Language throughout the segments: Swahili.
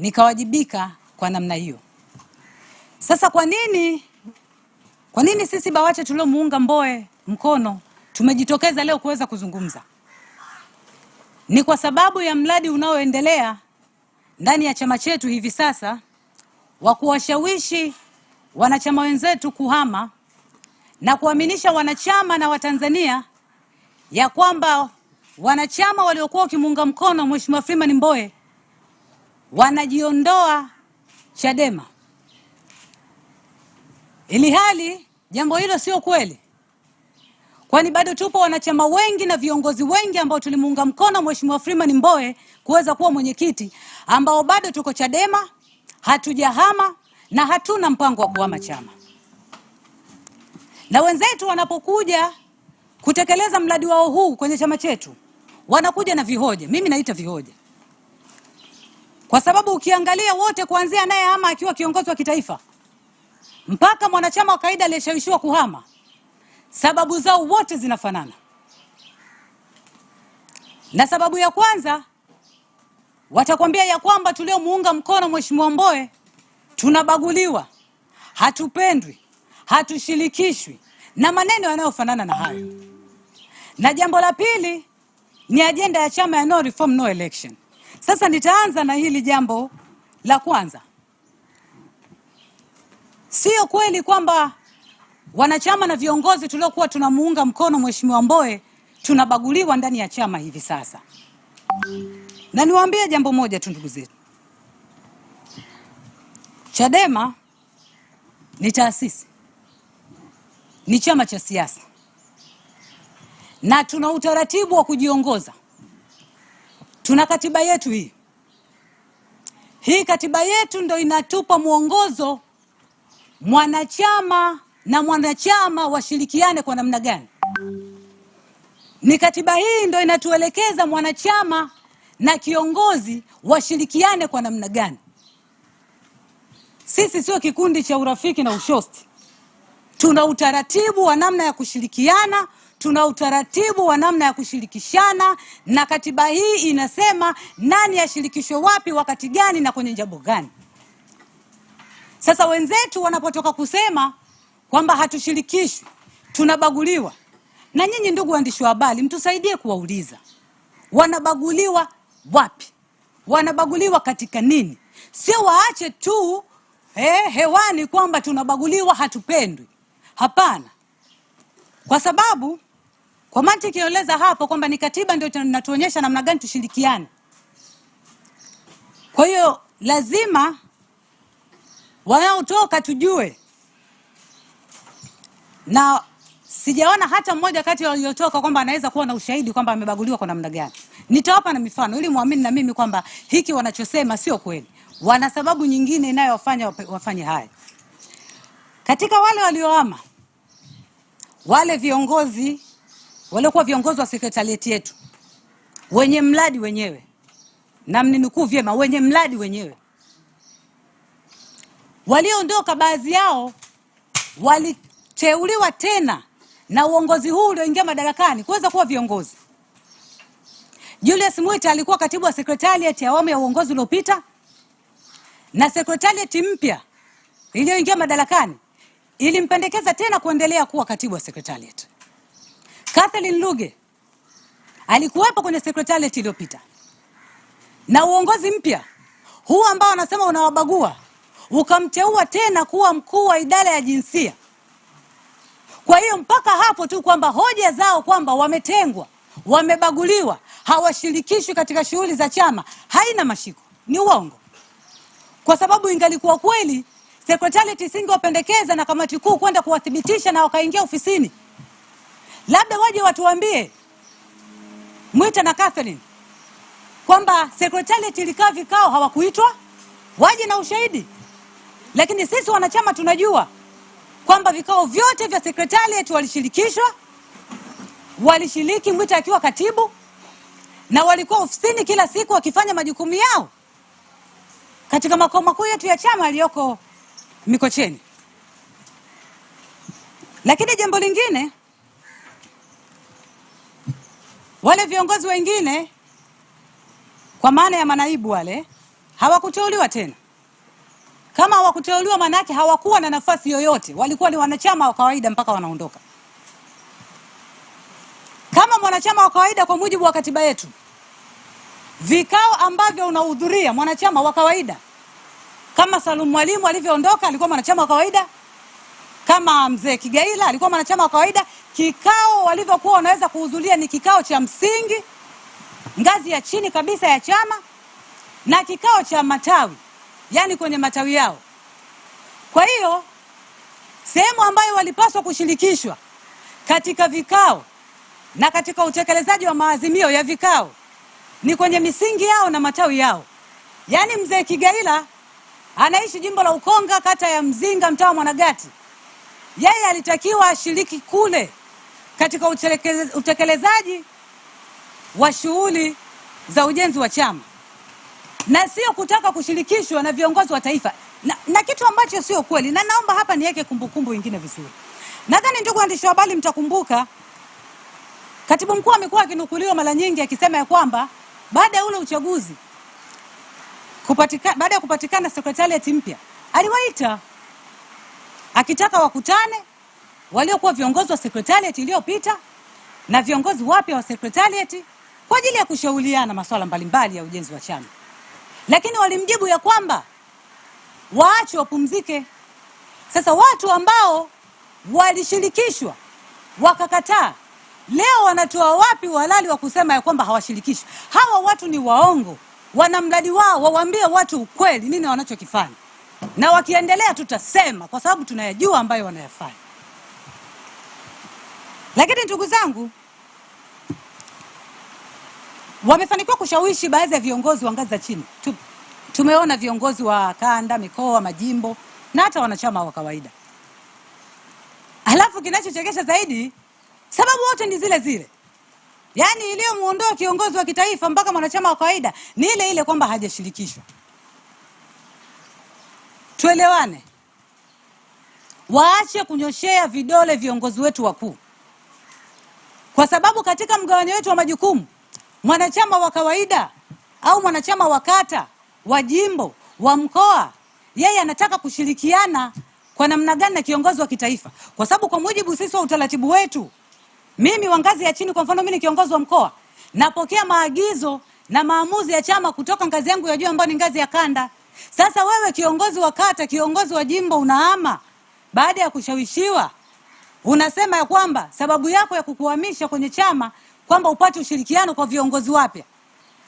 nikawajibika kwa namna hiyo. Sasa kwa nini, kwa nini sisi BAWACHA tuliomuunga Mbowe mkono tumejitokeza leo kuweza kuzungumza? Ni kwa sababu ya mradi unaoendelea ndani ya chama chetu hivi sasa wa kuwashawishi wanachama wenzetu kuhama na kuaminisha wanachama na Watanzania ya kwamba wanachama waliokuwa wakimuunga mkono Mheshimiwa Freeman Mbowe wanajiondoa Chadema, ili hali jambo hilo sio kweli, kwani bado tupo wanachama wengi na viongozi wengi ambao tulimuunga mkono Mheshimiwa Freeman Mbowe kuweza kuwa mwenyekiti, ambao bado tuko Chadema, hatujahama na hatuna mpango wa kuhama chama. Na wenzetu wanapokuja kutekeleza mradi wao huu kwenye chama chetu wanakuja na vihoja, mimi naita vihoja kwa sababu ukiangalia wote kuanzia naye ama akiwa kiongozi wa kitaifa mpaka mwanachama wa kawaida aliyeshawishiwa kuhama, sababu zao wote zinafanana. Na sababu ya kwanza watakwambia ya kwamba tuliomuunga mkono Mheshimiwa Mbowe tunabaguliwa, hatupendwi, hatushirikishwi na maneno yanayofanana na hayo. Na jambo la pili ni ajenda ya chama ya no reform, no election. Sasa nitaanza na hili jambo la kwanza. Sio kweli kwamba wanachama na viongozi tuliokuwa tunamuunga mkono Mheshimiwa Mbowe tunabaguliwa ndani ya chama hivi sasa. Na niwaambie jambo moja tu ndugu zetu. Chadema ni taasisi, ni chama cha siasa, na tuna utaratibu wa kujiongoza Tuna katiba yetu hii. Hii katiba yetu ndo inatupa mwongozo mwanachama na mwanachama washirikiane kwa namna gani. Ni katiba hii ndo inatuelekeza mwanachama na kiongozi washirikiane kwa namna gani. Sisi sio kikundi cha urafiki na ushosti. Tuna utaratibu wa namna ya kushirikiana tuna utaratibu wa namna ya kushirikishana, na katiba hii inasema nani ashirikishwe wapi, wakati gani na kwenye jambo gani. Sasa wenzetu wanapotoka kusema kwamba hatushirikishwi, tunabaguliwa, na nyinyi ndugu waandishi wa habari, mtusaidie kuwauliza wanabaguliwa wapi, wanabaguliwa katika nini? Sio waache tu eh, hewani kwamba tunabaguliwa, hatupendwi. Hapana, kwa sababu kwa mantiki yoleza hapo kwamba ni katiba ndio inatuonyesha namna gani tushirikiane. Kwa hiyo lazima wanaotoka tujue, na sijaona hata mmoja kati ya waliotoka kwamba anaweza kuwa na ushahidi kwamba amebaguliwa kwa namna gani. Nitawapa na mifano ili muamini na mimi kwamba hiki wanachosema sio kweli, wana sababu nyingine inayowafanya wafanye haya. Katika wale walioama, wale viongozi waliokuwa viongozi wa sekretarieti yetu, wenye mradi wenyewe, na mninukuu vyema, wenye mradi wenyewe walioondoka, baadhi yao waliteuliwa tena na uongozi huu ulioingia madarakani kuweza kuwa viongozi. Julius Mwita alikuwa katibu wa sekretarieti ya awamu ya uongozi uliopita, na sekretarieti mpya iliyoingia madarakani ilimpendekeza tena kuendelea kuwa katibu wa sekretarieti. Kathleen Luge alikuwepo kwenye secretariat iliyopita, na uongozi mpya huu ambao wanasema unawabagua ukamteua tena kuwa mkuu wa idara ya jinsia. Kwa hiyo mpaka hapo tu kwamba hoja zao kwamba wametengwa, wamebaguliwa, hawashirikishwi katika shughuli za chama haina mashiko, ni uongo, kwa sababu ingalikuwa kweli secretariat isingewapendekeza na kamati kuu kwenda kuwathibitisha na wakaingia ofisini labda waje watuambie Mwita na Catherine kwamba secretariat ilikaa vikao, hawakuitwa waje na ushahidi. Lakini sisi wanachama tunajua kwamba vikao vyote vya secretariat walishirikishwa, walishiriki Mwita akiwa katibu, na walikuwa ofisini kila siku wakifanya majukumu yao katika makao makuu yetu ya chama aliyoko Mikocheni. Lakini jambo lingine wale viongozi wengine kwa maana ya manaibu wale hawakuteuliwa tena. Kama hawakuteuliwa, maana yake hawakuwa na nafasi yoyote, walikuwa ni wanachama wa kawaida mpaka wanaondoka. Kama mwanachama wa kawaida, kwa mujibu wa katiba yetu, vikao ambavyo unahudhuria mwanachama wa kawaida, kama Salum Mwalimu alivyoondoka alikuwa mwanachama wa kawaida, kama mzee Kigaila alikuwa mwanachama wa kawaida. Kikao walivyokuwa wanaweza kuhudhuria ni kikao cha msingi, ngazi ya chini kabisa ya chama na kikao cha matawi, yani kwenye matawi yao. Kwa hiyo sehemu ambayo walipaswa kushirikishwa katika vikao na katika utekelezaji wa maazimio ya vikao ni kwenye misingi yao na matawi yao. Yaani mzee Kigaila anaishi jimbo la Ukonga, kata ya Mzinga, mtaa wa Mwanagati. Yeye alitakiwa ashiriki kule katika utekelezaji wa shughuli za ujenzi wa chama na sio kutaka kushirikishwa na viongozi wa taifa na, na kitu ambacho sio kweli, na naomba hapa niweke kumbukumbu nyingine vizuri. Nadhani ndugu waandishi wa habari, mtakumbuka katibu mkuu amekuwa akinukuliwa mara nyingi akisema ya kwamba baada ya ule uchaguzi kupatika, baada ya kupatikana sekretarieti mpya aliwaita akitaka wakutane waliokuwa viongozi wa secretariat iliyopita na viongozi wapya wa secretariat kwa ajili ya kushauriana masuala mbalimbali ya ujenzi wa chama, lakini walimjibu ya kwamba waache wapumzike. Sasa watu ambao walishirikishwa wakakataa, leo wanatoa wapi uhalali wa kusema ya kwamba hawashirikishwi? Hawa watu ni waongo, wana mradi wao, wawaambie watu ukweli nini wanachokifanya, na wakiendelea tutasema, kwa sababu tunayajua ambayo wanayafanya. Lakini ndugu zangu, wamefanikiwa kushawishi baadhi ya viongozi wa ngazi za chini. Tumeona viongozi wa kanda, mikoa, majimbo na hata wanachama wa kawaida. Halafu kinachochekesha zaidi, sababu wote ni zile zile, yaani iliyomuondoa kiongozi wa kitaifa mpaka mwanachama wa kawaida ni ile ile, kwamba hajashirikishwa. Tuelewane, waache kunyoshea vidole viongozi wetu wakuu kwa sababu katika mgawanyo wetu wa majukumu mwanachama wa kawaida au mwanachama wa kata, wa jimbo, wa mkoa, yeye anataka kushirikiana kwa namna gani na kiongozi wa kitaifa, kwa sababu kwa mujibu sisi wa utaratibu wetu, mimi wa ngazi ya chini, kwa mfano mimi ni kiongozi wa mkoa, napokea maagizo na maamuzi ya chama kutoka ngazi yangu ya juu ambayo ni ngazi ya kanda. Sasa wewe kiongozi wa kata, kiongozi wa jimbo, unahama baada ya kushawishiwa unasema ya kwamba sababu yako ya kukuhamisha kwenye chama kwamba upate ushirikiano kwa viongozi wapya,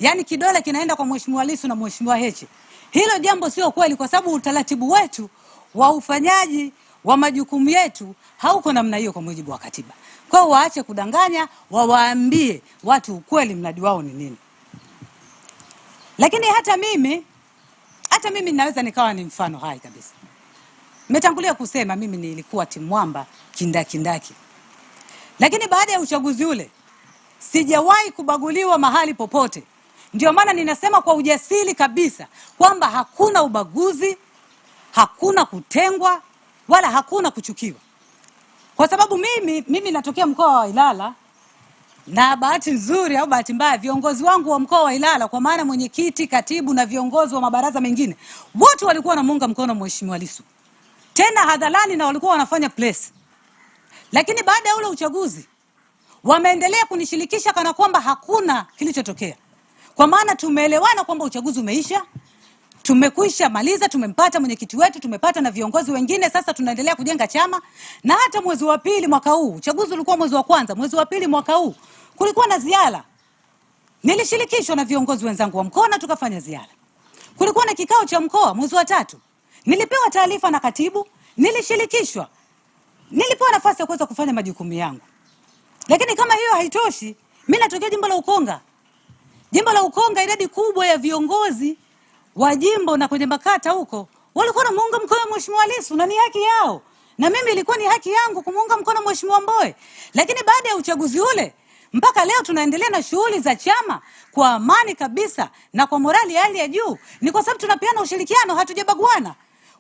yaani kidole kinaenda kwa mheshimiwa Lissu na mheshimiwa Heche. Hilo jambo sio kweli, kwa sababu utaratibu wetu wa ufanyaji wa majukumu yetu hauko namna hiyo kwa mujibu wa katiba. Kwa hiyo waache kudanganya, wawaambie watu ukweli, mradi wao ni nini. Lakini hata mimi hata mimi ninaweza nikawa ni mfano hai kabisa. Nimetangulia kusema mimi nilikuwa timwamba kindakindaki, lakini baada ya uchaguzi ule sijawahi kubaguliwa mahali popote. Ndio maana ninasema kwa ujasiri kabisa kwamba hakuna ubaguzi, hakuna kutengwa, wala hakuna kuchukiwa, kwa sababu mimi mimi natokea mkoa wa Ilala na bahati nzuri au bahati mbaya, viongozi wangu wa mkoa wa Ilala kwa maana mwenyekiti, katibu na viongozi wa mabaraza mengine wote walikuwa wanamuunga mkono Mheshimiwa Lissu tena hadharani na walikuwa wanafanya press. Lakini baada ya ule uchaguzi wameendelea kunishirikisha kana kwamba hakuna kilichotokea, kwa maana tumeelewana kwamba uchaguzi umeisha, tumekwisha maliza, tumempata mwenyekiti wetu, tumepata na viongozi wengine. Sasa tunaendelea kujenga chama, na hata mwezi wa pili mwaka huu, uchaguzi ulikuwa mwezi wa kwanza, mwezi wa pili mwaka huu kulikuwa na ziara, nilishirikishwa na viongozi wenzangu wa mkoa na tukafanya ziara. Kulikuwa na kikao cha mkoa mwezi wa tatu Nilipewa taarifa na katibu, nilishirikishwa, nilipewa nafasi ya kuweza kufanya majukumu yangu. Lakini kama hiyo haitoshi, mimi natokea jimbo la Ukonga. Jimbo la Ukonga, idadi kubwa ya viongozi wa jimbo na kwenye makata huko walikuwa wanamuunga mkono Mheshimiwa Lissu na ni haki yao, na mimi ilikuwa ni haki yangu kumuunga mkono Mheshimiwa Mbowe. Lakini baada ya uchaguzi ule mpaka leo tunaendelea na shughuli za chama kwa amani kabisa na kwa morali ya hali ya juu, ni kwa sababu tunapeana ushirikiano, hatujabaguana.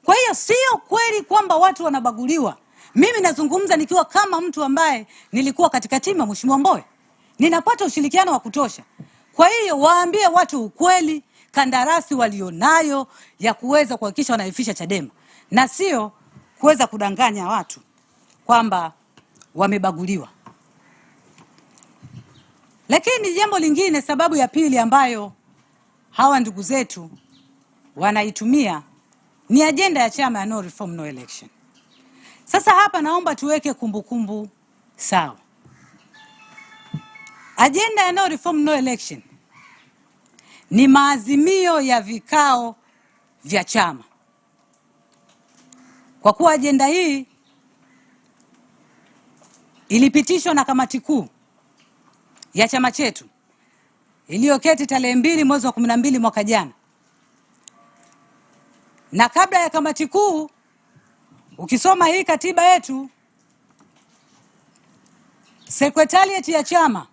Kwa hiyo sio kweli kwamba watu wanabaguliwa. Mimi nazungumza nikiwa kama mtu ambaye nilikuwa katika timu ya Mheshimiwa Mbowe, ninapata ushirikiano wa kutosha. Kwa hiyo waambie watu ukweli, kandarasi walionayo ya kuweza kuhakikisha wanaifisha Chadema na sio kuweza kudanganya watu kwamba wamebaguliwa. Lakini jambo lingine, sababu ya pili ambayo hawa ndugu zetu wanaitumia ni ajenda ya chama ya no reform no election. Sasa hapa naomba tuweke kumbukumbu kumbu sawa. Ajenda ya no reform no election ni maazimio ya vikao vya chama. Kwa kuwa ajenda hii ilipitishwa na kamati kuu ya chama chetu iliyoketi tarehe mbili mwezi wa kumi na mbili mwaka jana na kabla ya kamati kuu, ukisoma hii katiba yetu, sekretarieti ya chama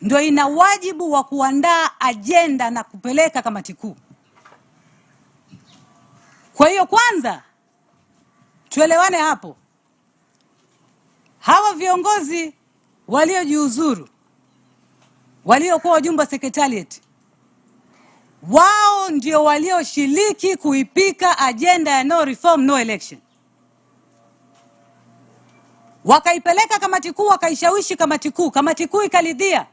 ndio ina wajibu wa kuandaa ajenda na kupeleka kamati kuu. Kwa hiyo kwanza tuelewane hapo, hawa viongozi waliojiuzuru waliokuwa wajumbe wa sekretarieti wao ndio walioshiriki kuipika ajenda ya no reform no election, wakaipeleka kamati kuu, wakaishawishi kamati kuu, kamati kuu ikaridhia,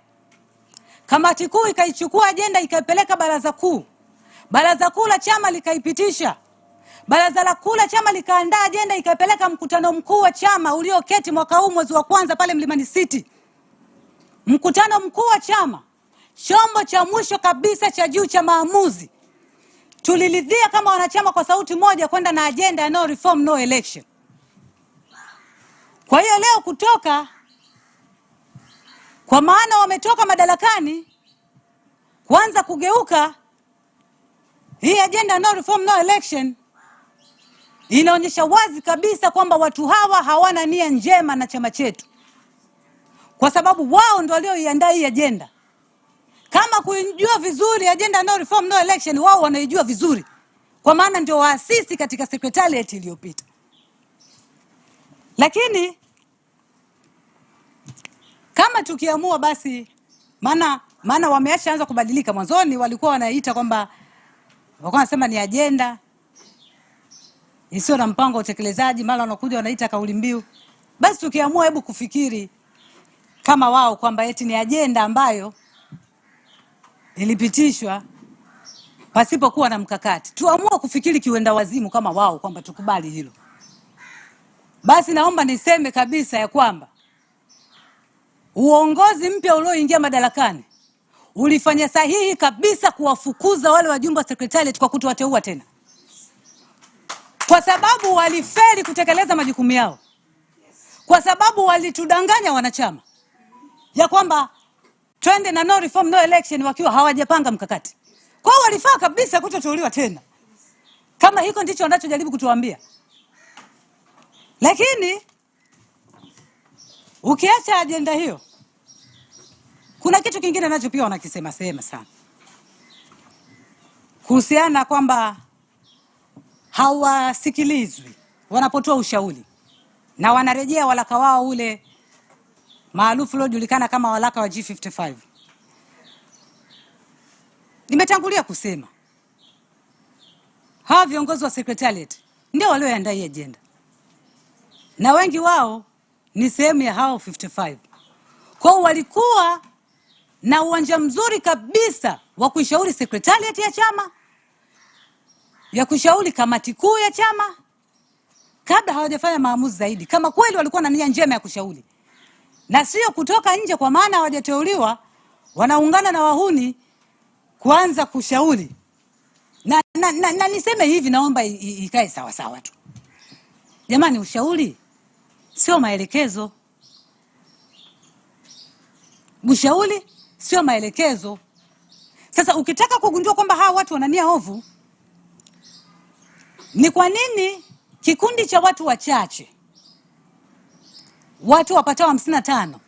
kamati kuu ikaichukua ajenda ikaipeleka baraza kuu, baraza kuu la chama likaipitisha, baraza la kuu la chama likaandaa ajenda ikaipeleka mkutano mkuu wa chama ulioketi mwaka huu mwezi wa kwanza pale Mlimani City, mkutano mkuu wa chama chombo cha mwisho kabisa cha juu cha maamuzi. Tuliridhia kama wanachama kwa sauti moja kwenda na ajenda ya no reform no election. Kwa hiyo leo kutoka, kwa maana wametoka madarakani kuanza kugeuka hii ajenda no reform no election inaonyesha wazi kabisa kwamba watu hawa hawana nia njema na chama chetu, kwa sababu wao ndio walioiandaa hii ajenda kama kujua vizuri agenda no reform no election, wao wanaijua vizuri, kwa maana ndio waasisi katika secretariat iliyopita. Lakini kama tukiamua basi, maana maana wameacha anza kubadilika. Mwanzoni walikuwa wanaita kwamba walikuwa wanasema ni ajenda isiyo na mpango wa utekelezaji, mara wanakuja wanaita kauli mbiu. Basi tukiamua, hebu kufikiri kama wao kwamba eti ni ajenda ambayo ilipitishwa pasipokuwa na mkakati. Tuamua kufikiri kiwenda wazimu kama wao kwamba tukubali hilo. Basi naomba niseme kabisa ya kwamba uongozi mpya ulioingia madarakani ulifanya sahihi kabisa kuwafukuza wale wajumbe wa sekretarieti kwa kutowateua tena, kwa sababu walifeli kutekeleza majukumu yao, kwa sababu walitudanganya wanachama ya kwamba twende na no reform no election, wakiwa hawajapanga mkakati. Kwa hiyo walifaa kabisa kutoteuliwa tena, kama hiko ndicho wanachojaribu kutuambia. Lakini ukiacha ajenda hiyo, kuna kitu kingine nacho pia wanakisema sema sana kuhusiana kwamba hawasikilizwi wanapotoa ushauri na wanarejea walaka wao ule maarufu uliojulikana kama waraka wa G55. Nimetangulia kusema hawa viongozi wa secretariat ndio walioandaa hii ajenda na wengi wao ni sehemu ya hao 55. Kwa walikuwa na uwanja mzuri kabisa wa kuishauri secretariat ya chama, ya kushauri kamati kuu ya chama kabla hawajafanya maamuzi zaidi, kama kweli walikuwa na nia njema ya kushauri na sio kutoka nje, kwa maana hawajateuliwa, wanaungana na wahuni kuanza kushauri na, na, na, na niseme hivi, naomba ikae sawasawa tu jamani. Ushauri sio maelekezo, ushauri sio maelekezo. Sasa ukitaka kugundua kwamba hawa watu wana nia ovu, ni kwa nini kikundi cha watu wachache watu wapatao hamsini na tano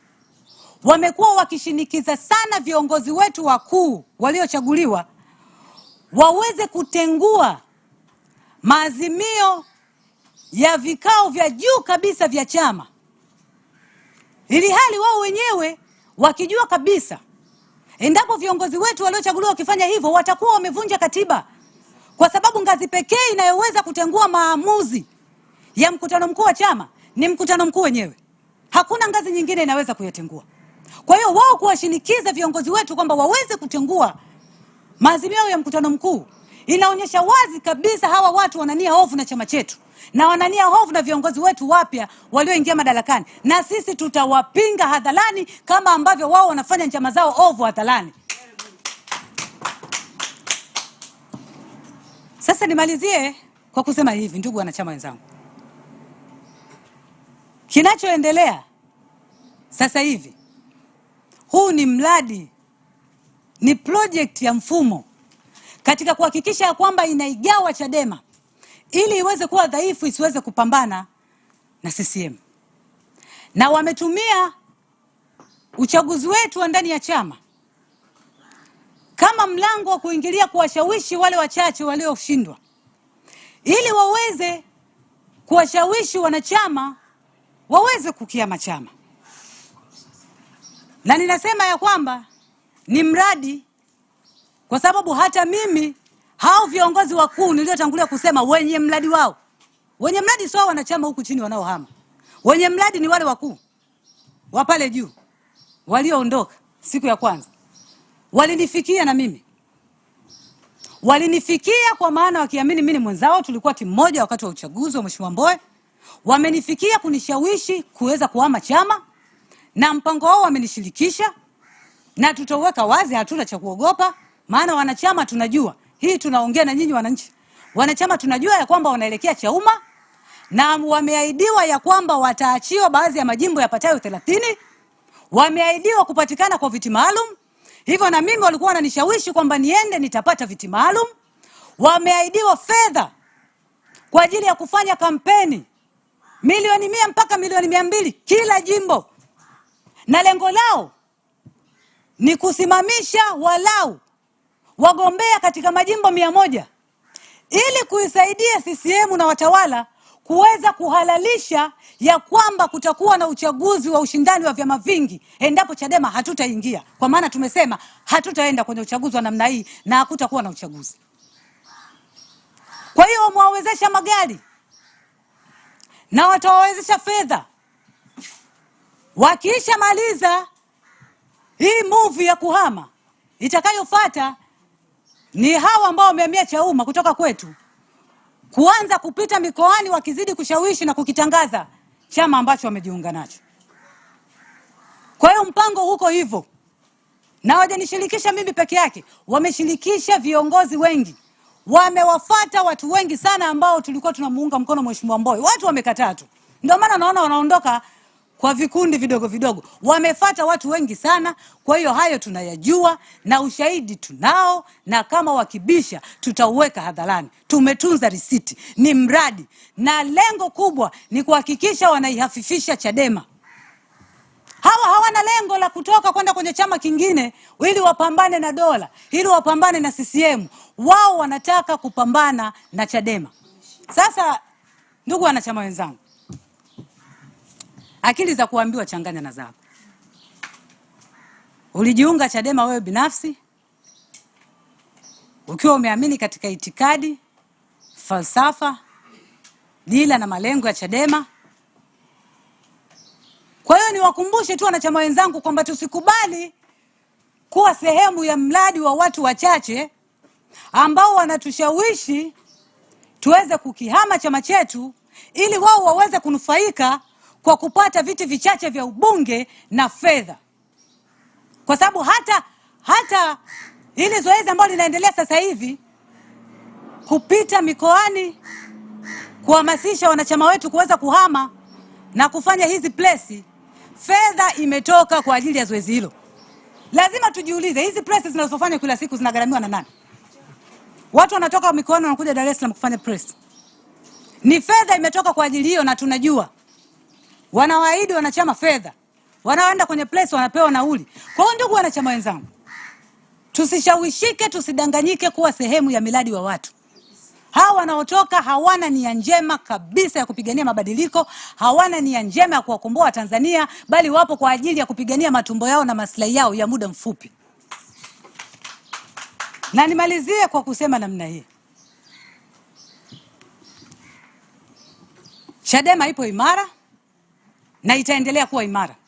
wamekuwa wakishinikiza sana viongozi wetu wakuu waliochaguliwa waweze kutengua maazimio ya vikao vya juu kabisa vya chama, ili hali wao wenyewe wakijua kabisa endapo viongozi wetu waliochaguliwa wakifanya hivyo watakuwa wamevunja katiba, kwa sababu ngazi pekee inayoweza kutengua maamuzi ya mkutano mkuu wa chama ni mkutano mkuu wenyewe hakuna ngazi nyingine inaweza kuyatengua. Kwa hiyo wao kuwashinikiza viongozi wetu kwamba waweze kutengua maazimio ya mkutano mkuu inaonyesha wazi kabisa hawa watu wanania hofu na chama chetu na wanania hofu na viongozi wetu wapya walioingia madarakani, na sisi tutawapinga hadharani kama ambavyo wao wanafanya njama zao ovu hadharani. Sasa nimalizie kwa kusema hivi, ndugu wanachama wenzangu. Kinachoendelea sasa hivi, huu ni mradi, ni project ya mfumo katika kuhakikisha ya kwamba inaigawa Chadema ili iweze kuwa dhaifu, isiweze kupambana na CCM, na wametumia uchaguzi wetu wa ndani ya chama kama mlango wa kuingilia kuwashawishi wale wachache walioshindwa, ili waweze kuwashawishi wanachama waweze kukiama chama, na ninasema ya kwamba ni mradi, kwa sababu hata mimi hao viongozi wakuu niliotangulia kusema wenye mradi wao, wenye mradi sio wanachama huku chini wanaohama, wenye mradi ni wale wakuu wa pale juu walioondoka. Siku ya kwanza walinifikia na mimi walinifikia, kwa maana wakiamini mimi ni mwenzao. Tulikuwa timu moja wakati wa uchaguzi wa Mheshimiwa Mbowe wamenifikia kunishawishi kuweza kuhama chama na mpango wao wamenishirikisha, na tutaweka wazi, hatuna cha kuogopa. Maana wanachama tunajua hii, tunaongea na nyinyi wananchi, wanachama tunajua ya kwamba wanaelekea Chauma na wameahidiwa ya kwamba wataachiwa baadhi ya majimbo yapatayo 30 Wameahidiwa kupatikana kwa viti maalum, hivyo na mimi walikuwa wananishawishi kwamba niende nitapata viti maalum. Wameahidiwa fedha kwa ajili ya kufanya kampeni milioni mia mpaka milioni mia mbili kila jimbo, na lengo lao ni kusimamisha walau wagombea katika majimbo mia moja ili kuisaidia CCM na watawala kuweza kuhalalisha ya kwamba kutakuwa na uchaguzi wa ushindani wa vyama vingi endapo Chadema hatutaingia, kwa maana tumesema hatutaenda kwenye uchaguzi wa namna hii na hakutakuwa na uchaguzi. Kwa hiyo wamewawezesha magari na watawawezesha fedha. Wakiisha maliza hii move ya kuhama, itakayofuata ni hawa ambao wamehamia Chauma kutoka kwetu kuanza kupita mikoani, wakizidi kushawishi na kukitangaza chama ambacho wamejiunga nacho. Kwa hiyo mpango huko hivyo, na wajanishirikisha mimi peke yake, wameshirikisha viongozi wengi wamewafata watu wengi sana ambao tulikuwa tunamuunga mkono Mheshimiwa Mbowe, watu wamekataa tu, ndio maana naona wanaondoka kwa vikundi vidogo vidogo, wamefata watu wengi sana. Kwa hiyo hayo tunayajua na ushahidi tunao, na kama wakibisha tutauweka hadharani. Tumetunza risiti, ni mradi na lengo kubwa ni kuhakikisha wanaihafifisha Chadema hawa hawana lengo la kutoka kwenda kwenye chama kingine ili wapambane na dola, ili wapambane na CCM. Wao wanataka kupambana na Chadema. Sasa ndugu wanachama wenzangu, akili za kuambiwa changanya na zako. Ulijiunga Chadema wewe binafsi ukiwa umeamini katika itikadi, falsafa, dira na malengo ya Chadema kwa hiyo niwakumbushe tu wanachama wenzangu kwamba tusikubali kuwa sehemu ya mradi wa watu wachache ambao wanatushawishi tuweze kukihama chama chetu ili wao waweze kunufaika kwa kupata viti vichache vya ubunge na fedha, kwa sababu hata hata hili zoezi ambalo linaendelea sasa hivi kupita mikoani kuhamasisha wanachama wetu kuweza kuhama na kufanya hizi plesi fedha imetoka kwa ajili ya zoezi hilo. Lazima tujiulize, hizi press zinazofanya kila siku zinagharamiwa na nani? Watu wanatoka mikoani wanakuja Dar es Salaam kufanya press, ni fedha imetoka kwa ajili hiyo, na tunajua wanawaahidi wanachama fedha, wanaenda kwenye press wanapewa nauli. Kwa hiyo, ndugu wanachama wenzangu, tusishawishike, tusidanganyike kuwa sehemu ya miradi wa watu. Hawa wanaotoka hawana nia njema kabisa ya kupigania mabadiliko, hawana nia njema ya kuwakomboa Tanzania, bali wapo kwa ajili ya kupigania matumbo yao na maslahi yao ya muda mfupi. Na nimalizie kwa kusema namna hii, Chadema ipo imara na itaendelea kuwa imara.